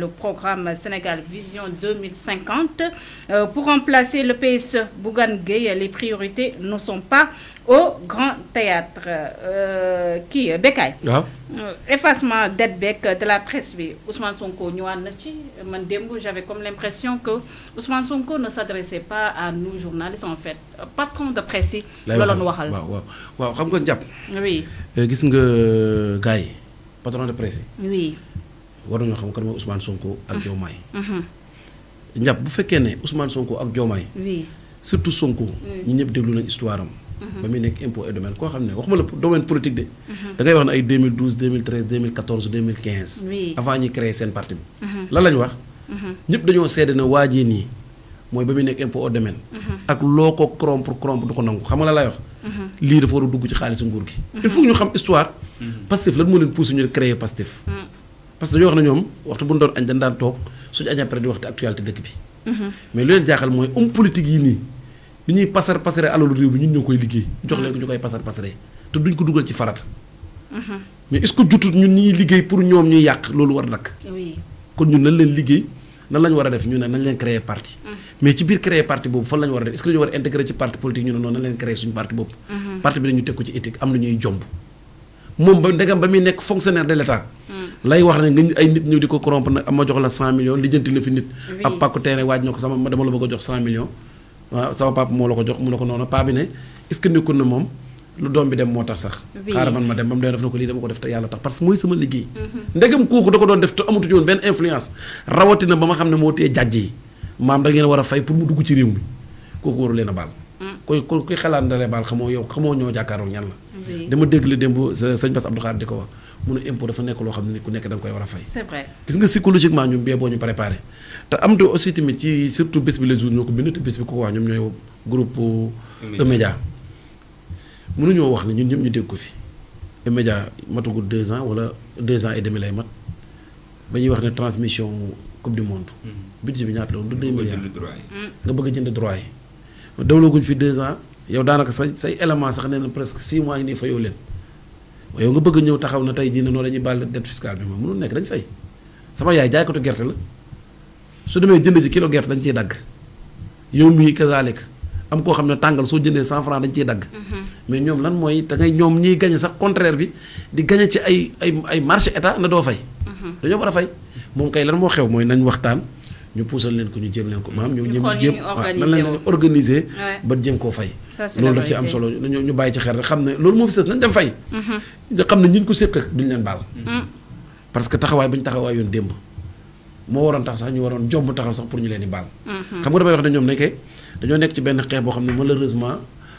le programme Sénégal Vision 2050. Euh, pour remplacer le ps e, Bougan Gay, les priorités ne sont pas au Grand Théâtre. Euh, qui euh, Bekay ah. Effacement d'Edbek de la presse. Ousmane Sonko, j'avais comme l'impression que Ousmane Sonko ne s'adressait pas à nous journalistes en fait. Patron de presse, Oui. patron de presse. Oui ñu xam kan mooy Ousmane Sonko ak ah. Diomaye. Mhm. njàpp bu fekkee ne Ousmane Sonko ak Diomaye. oui surtout Sonko. Mm. ñi ñëpp déglu nañ histoire am. Mhm. ba muy nekk impôt et domaine koo xam ne waxuma la domaine politique de. Mhm. da ngay wax ne ay 2012 2013 2014 2015. avant ñuy créer seen parti bi. lan lañ wax. ñëpp dañoo seede ne waa jii nii mooy ba muy nekk impôt et domaine. ak loo ko corrompre corrompre du ko nangu xam nga la lay wax. lii dafa war a dugg ci xaalisu nguur gi. il faut ñu xam histoire. Pastef lan moo leen pousser ñu créer Pastef. parce que dañoo wax ne ñoom waxtu bu ñu doon añ daan toog suñu añ après di waxte actualité dëkk bi. mais lu leen jaaxal mooy homme politique yi nii li ñuy pasar pasare te duñ ko dugal ci farata. mais est-ce jutut ñun ñuy liggéey pour ñoom ñuy yàq loolu war nag. kon ñun nañ leen liggéey nan lañ war a def ñu ne nañ leen créer parti. Mm. mais ci biir créer parti boobu fan lañ war a def est-ce que war a ci parti politique ñu ne noonu nañ leen créer suñu moom ba ndegam ba muy nekk fonctionnaire de l'État hmm. lay wax ne nga nit ñëw di ko corrompre nag am ma jox la 100 millions lijjanti la fi nit ab pàkku terrain waaj na ko sama dama a jox moo la ko jox mu ne moom lu doom bi dem moo tax sax xaaral man ma dem ba mu dee def na ko yàlla tax parce que mooy sama liggéey mm-hmm. ndegam kooku da ko doon def te amatuñu woon benn influence rawatina ba ma xam ne moo téye jàjj yi maam da war a fay pour mu dugg ci réew mi kooku waru leen a baal mm. koy koy xalaat ndalee baal xamoo yow xamoo ñoo jàkkaaroo dama dégg la démb sëñ Bass Abdou Khadre di ko wax mu ne impôt dafa nekk loo xam ne ku nekk da nga koy war a fay. c'est vrai gis nga psychologiquement ñun bee boo ñu préparé te am te aussi tamit ci surtout bés bi les jours ñoo ko bind te bés bi ko waa ñoom ñooy groupe E-Média e mënuñoo wax ne ñu ñëpp ñu dégg ko fi E-Média matagul deux ans wala deux ans et demi lay mat ba ñuy wax ne transmission coupe du monde mm-hmm. budget bi ñaat la woon du deux milliards mm. nga bëgg a jënd yi yow daanaka sa say élément sax nee na presque 6 mois yi nii fayoo leen waaye nga bëgg ñëw taxaw na tey jii ne noonu dañuy baal dette fiscale bi moom mënul la su demee jënd ji kilo gerte dañ ciy dagg yow mii kazaalik am koo xam ne tàngal soo jëndee 100 francs dañ dagg mhm. mais ñoom lan mooy da ngay ñoom ñiy gañe sax bi di gañe ci ay ay ay marché état na doo mhm. a fay moom kay lan moo xew mooy nañ waxtaan ñu puusal leen ko ñu jéem leen ko maanaam ñu jéem jéem nan leen organiser ba jéem koo fay loolu daf ci am solo ñu bàyyi ci xel xam ne loolu moo fi sës mm-hmm. ak duñ leen baal mm-hmm. parce que taxawaay ba ñu taxawaay yoon démb moo waroon tax sax ñu waroon jomb taxaw sax pour ñu leen di baal mm-hmm. xam nga damay wax ne ñoom nekkee dañoo nekk ci benn xeex boo xam ne malheureusement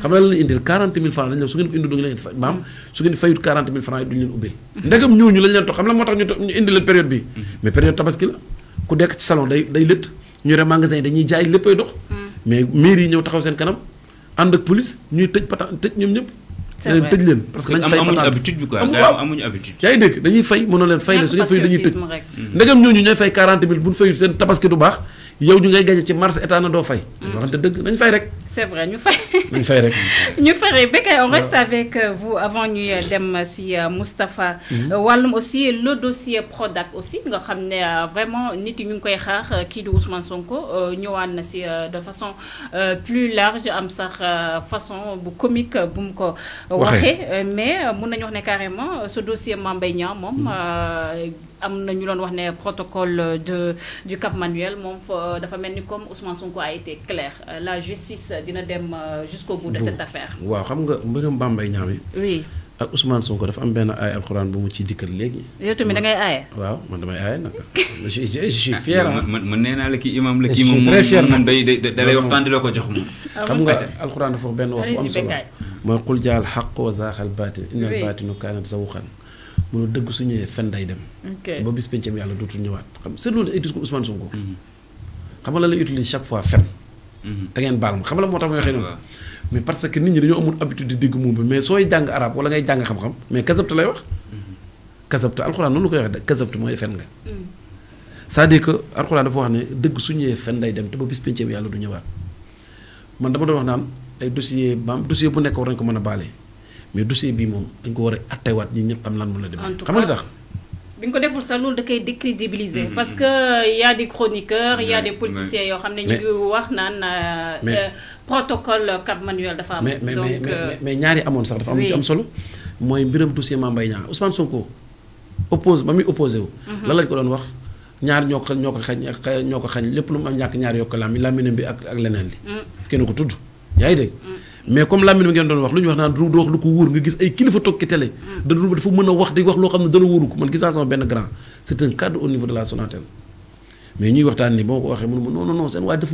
xam nga lan la indil 40 000 francs dañ leen su ngeen ko indi du ñu leen maam su ngeen fayut 40 000 francs yi duñu leen ubbil ndegam ñooñu lañ leen toog xam la moo tax ñu indi leen période bi mm-hmm. mais période tabaski la ku dekk ci salon day day lëtt ñu dem magasin yi dañuy jaay léppay dox mm. mais mairie yi taxaw seen kanam ànd ak police ñuy tëj pata tëj ñoom ñëpp leen tëj leen parce que dañ fay amuñu habitude leen fay leen su ngeen fay dañuy tëj yow ñu ngay gagné ci marché état na doo fay. Mm. waxante deug nañ fay rek. c'est vrai ñu fay. ñu fay rek. ñu fay rek Bécaye on reste avec euh, vous avant ñu dem si euh, Moustapha. Mm-hmm. Euh, walum aussi le dossier Prodac aussi nga xamné vraiment nit ñu ngi koy xaar ki du Ousmane Sonko ñëwaan na si de façon plus large am sax façon bu comique bu mu ko. waxee mais mun nañu wax né carrément ce dossier Mambay Mbaye Niang moom. Mm-hmm am na ñu doon wax ne protocole de du Cap Manuel moom dafa mel ni comme Ousmane Sonko a été clair euh, la justice dina dem euh, jusqu'au bout de cette affaire. waaw xam nga mbërum Bambey ñaam oui ak Ousmane Sonko dafa am benn ay alxuraan bu mu ci dikkal léegi. yow tamit da ngay aaye. waaw man damay aaye nag je je je suis ah, fier ah. man man nee naa la kii imam la kii moom moom day day da lay waxtaan di la ko jox moom. xam nga alxuraan dafa benn wax bu am solo mooy qul jaal xaq wa zaaxal baatil. innal baatinu kaana zahuuqan mun a dëgg su fen day dem. ba bis pencam yàlla dootul ñëwaat xam mhm. nga seetlu ay la lay utilise fois fen. Mhm. da ngeen baal xam la moo tax ma waxee noonu. mais parce que nit ñi dañoo amul habitude di dégg moom bi mais sooy jàng arabe xam-xam mais kasabta lay wax. Mhm. kasabta alxuraan noonu la koy waxee da kasabta mooy fen nga. Mm. c'est-à-dire que alxuraan dafa wax ne dëgg su ñëwee fen day dem te ba bis pencam yàlla du ñëwaat man dama doon wax naan ay dossier baam dossier bu nekk war nañ ko mën a baale mais dossier bi moom dañ ko war a attewaat ñi ñëpp xam lan mun la demee. xam nga li tax. bi nga ko deful sax loolu da koy décrédibiliser. Mm-hmm. parce que y a des chroniqueurs y a des politiciens yoo xam ne ñu ngi wax naan. Euh, euh, protocole Cap Manuel dafa am. donc euh, mais mais ñaari amoon sax dafa am ci am solo. mooy mbiram dossier Mame Mbaye Niang Ousmane Sonko oppose ba muy opposé wu. Mm-hmm. lan lañ ko doon wax ñaar ñoo ko ñoo ko xañ ñoo ko xañ lépp lu mu am ñàkk ñaar yokk làmmiñam bi ak ak leneen li. Mm. kenn ko tudd yaa ngi mais comme Lamine mi ngeen doon wax lu wax naan du wax lu ko nga gis ay kilifa télé. Hmm. da du dafa mëna wax di wax lo ko c'est un cadre au niveau de la sonatelle. mais ñuy waxtaan ni boko ma mënu non non non wax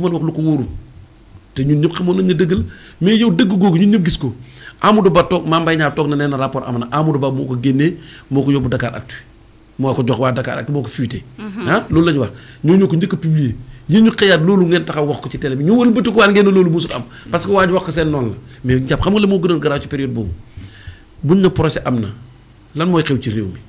lu ko mais yow ñun gis ko Amadou Ba na rapport Amadou Ba Dakar moo ko jox waa Dakar ak moo ko fuité. ah loolu la ñu wax ñoo ñoo ko njëkk a ñu xëyaat loolu ngeen wax ko ci télé bi ngeen loolu musul am. parce que waa wax ko seen noonu la mais jàpp xam nga la moo gënoon garaaw mooy xew ci réew mi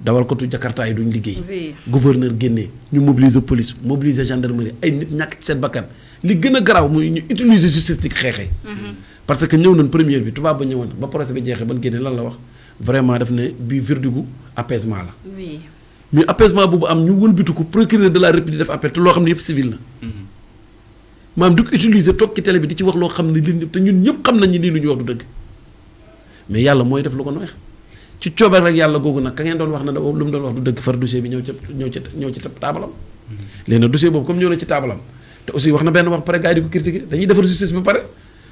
dawal kotu jakarta yi duñ liggéey. gouverneur génnee ñu mobiliser police mobiliser gendarmerie ay nit ñàkk ci seen bakkan li gën a garaaw muy ñu utiliser justice di xeexee. Mhm. parce que ñëw nañ première bi tubaab ba ñëwoon ba procès bi jeexee ban génne lan la apaisement la. oui mais apaisement boobu am ñu wëlbatu ko procureur de la république def appel te loo xam ne yëpp civil la. Mhm. maam du ko utiliser toog ci télé bi di ci wax loo xam ne lii te ñun ñëpp xam na ni lii lu ñu wax du dëgg mais yàlla mooy def lu ko neex ci coobare rek yàlla googu nag ka ngeen doon wax ne lu mu doon wax du dëgg far dossier bi ñëw ci ñëw ci ñëw ci taabalam. Mhm. léegi nag dossier boobu comme ñëw na ci taabalam te aussi wax na benn wax pare.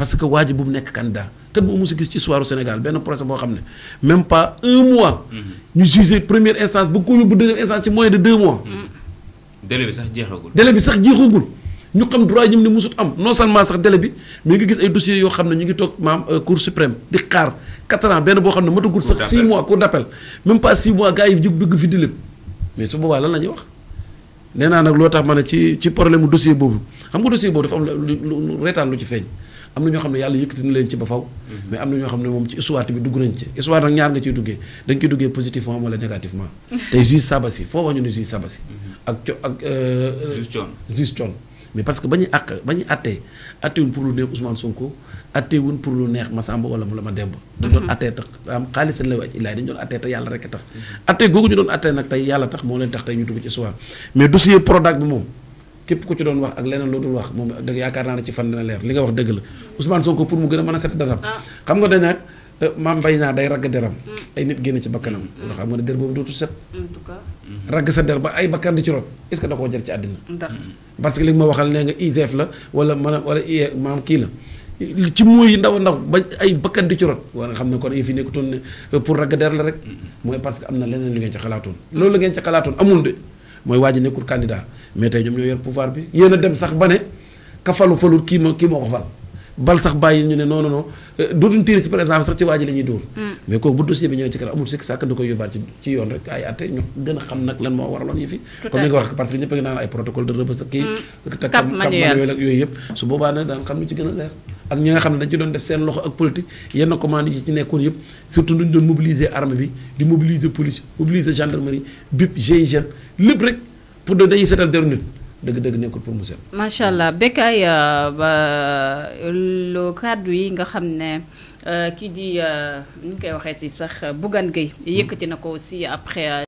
parce que waa bu nek nekk te bu mu gis ci histoire senegal ben procès bo xam même pas un mois. Mhm. ñu jugé première instance bu ko yóbbu deuxième instance ci moins de deux mois. Mhm. délai bi sax jeexagul. délai bi sax jeexagul ñu xam droit ñum ne musut am non seulement sax délai bi mais nga gis ay dossiers yo xam ñu ngi tok maam euh, cour suprême di xaar 4 ans ben bo xam ne matagul sax 6 mois cour d'appel même pas 6 mois gaay yi jóg bëgg vidéo lépp mais su boobaa lan lañ wax. nee naa nag loo tax ma ci ci problème mu dossier bobu xam nga dossier bobu dafa am lu reetaan lu ci feeñ. am na ñoo xam ne yàlla yëkkati na leen ci ba faw mhm. mais am na ñoo xam ne moom ci histoire bi dugg nañ ci histoire nag ñaar nga ciy duggee dañ ciy duggee positivement wala négativement tey juge Sabassi foo wax ñu ne juge Sabassi mhm. ak co ak juge euh, Thione mais parce que ba ñuy àq ba ñuy àttee àttewuñ pour lu neex Ousmane Sonko àttewuñ pour lu neex Massamba wala mu la ma demb mhm. dañ doon àttee tax am xaalis seen la wàcc ilaay dañ yàlla rek tax àttee googu ñu doon àttee nag tey tax moo leen tax tey ñu dugg ci képp ku ci doon wax ak leneen loo dul wax moom dëgg yaakaar naa ne ci fan dina leer li nga wax dëgg la Ousmane Sonko pour mu gën a mën a set daram ah. xam nga dañ nag euh, maam mm. nit génn ci bakkanam mm. ndax xam nga ne der boobu dootul set mm, mm-hmm. ragg sa der ba ay bakkan di ci rot est-ce que da koo jar ci àddina mm-hmm. parce que li ma waxal nee nga IGF la wala man wala IE maam kii la ci mooy ndaw ndaw ba ay bakkan di ci rot nga xam ne kon fi nekkutoon ne euh, pour ragg der la rek mm-hmm. mooy parce que am na leneen li ngeen ci xalaatoon loolu la ngeen ci xalaatoon amul de mooy waa ji nekkul candidat mais tey ñoom ñoo yor pouvoir bi yéen a dem sax ba ne ka falu kii moo ko fal bal sax bàyyi ñu ne non non non euh, dootuñ tiir ci par exemple sax ci waa ji la ñuy dóor. Mm. mais kooku bu dossier bi ñëwee ci kanam amul a a mm. yooyu yëpp. su boobaa nag daan xam lu ci gën a leer ak ñi nga xam ne dañ ci doon def seen loxo ak politique yenn commande yi ci nekkoon yëpp surtout duñ doon mobiliser armée bi di mobiliser police mobiliser gendarmerie BIP GIGN lépp rek. pour de dañuy seetal deru nit dëgg-dëgg nekkul pour mu set. macha allah Bécaye euh, loo kàddu yi nga xam ne. Euh, kii di euh, nu ñu koy waxee ci sax Bougane Gueye yëkkati na ko aussi après.